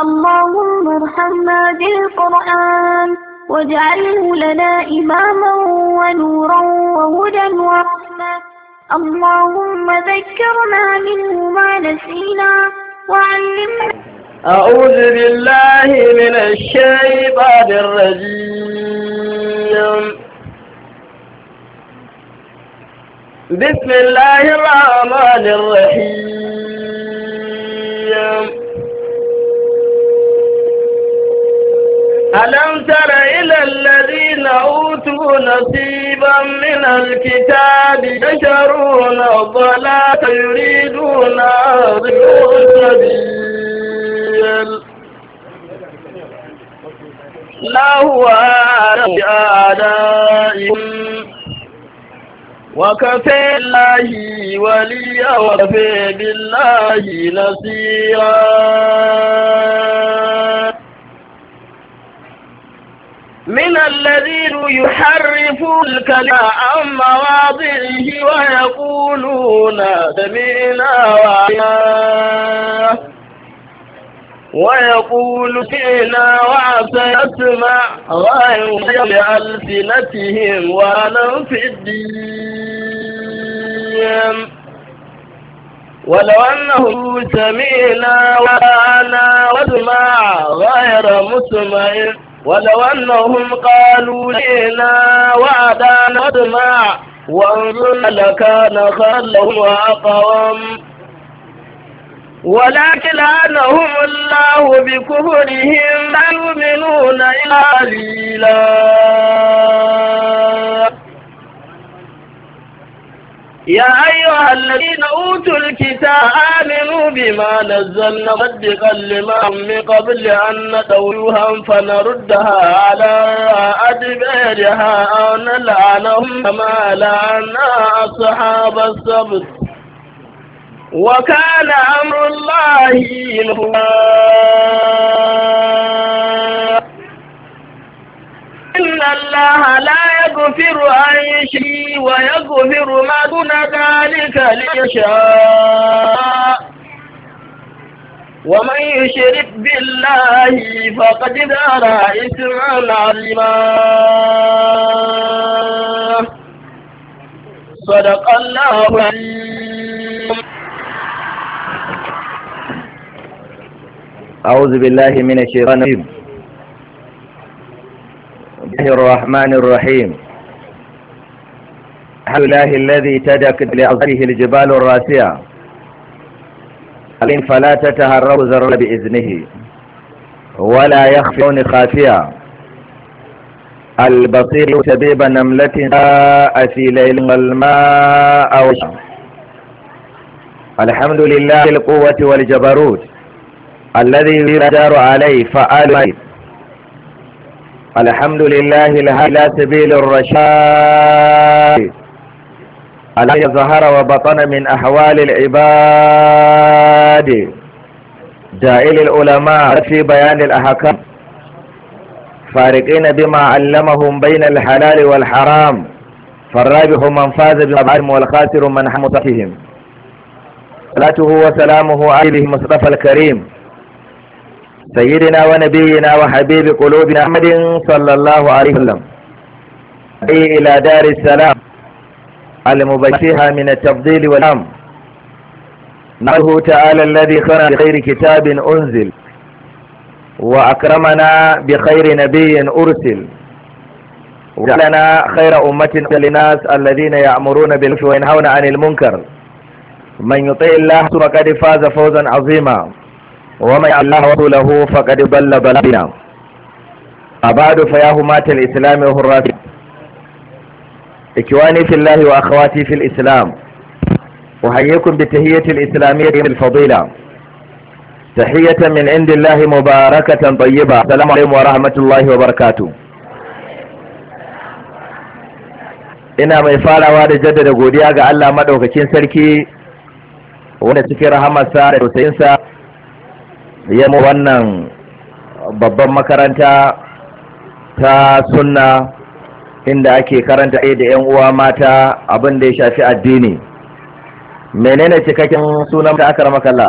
اللهم ارحمنا بالقرآن واجعله لنا إماما ونورا وهدى ورحمة اللهم ذكرنا منه ما نسينا وعلمنا أعوذ بالله من الشيطان الرجيم بسم الله الرحمن الرحيم ألم تر إلى الذين أوتوا نصيبا من الكتاب يشرون الضلاة يريدون أرضه السبيل لا هو أعلم بأعدائهم وكفى الله وليا وكفى بالله نصيرا من الذين يحرفون الكلام عن مواضعه ويقولون سمعنا وعينا ويقول فينا وسيسمع غير بألسنتهم ولم في الدين ولو أنه سمعنا وأنا واسمع غير مسمع ولو أنهم قالوا لنا وعدا ندمع وانظرنا لكان خلهم أقوام ولكن لأنهم الله بكفرهم لا يؤمنون إلا قليلا يا أيها الذين أوتوا الكتاب آمنوا بما نزلنا صدقا لما من قبل أن ندويها فنردها على أدبارها أو نلعنهم كما لعنا أصحاب السبت وكان أمر الله مفعولا إن الله لا يغفر أن يشري ويغفر ما دون ذلك ليشاء ومن يشرك بالله فقد دار إثما عظيما صدق الله العظيم أعوذ بالله من الشيطان الرجيم الرحمن الرحيم الحمد لله الذي تدك لعظمه الجبال الراسية فلا تتهرب ذر بإذنه ولا يخفون خافية البصير شبيب نملة جاء في ليل والماء وشا. الحمد لله القوة والجبروت الذي يدار عليه فآل الحمد لله لا سبيل الرشاد الذي ظهر وبطن من أحوال العباد جائل العلماء في بيان الأحكام فارقين بما علمهم بين الحلال والحرام فالرابح من فاز بمبعهم والخاسر من حمطتهم صلاته وسلامه عليه مصطفى الكريم سيدنا ونبينا وحبيب قلوبنا محمد صلى الله عليه وسلم إلى دار السلام المبشرة من التفضيل والأم نعوه تعالى الذي خرج بخير كتاب أنزل وأكرمنا بخير نبي أرسل وجعلنا خير أمة للناس الذين يأمرون بالعدل وينهون عن المنكر من يطيع الله فقد فاز فوزا عظيما ومن الله ورسوله فقد ضل بلدنا أبعد فيا هماة الإسلام وهرات إخواني في الله وأخواتي في الإسلام أحييكم بتهية الإسلامية الفضيلة تحية من عند الله مباركة طيبة السلام عليكم ورحمة الله وبركاته ina mai farawa da jaddada godiya ga Allah madaukakin sarki wanda cikin rahamarsa da tausayinsa ya wannan babban makaranta ta sunna inda ake karanta ɗaya da 'yan uwa mata abin da ya shafi addini menene cikakken sunan da aka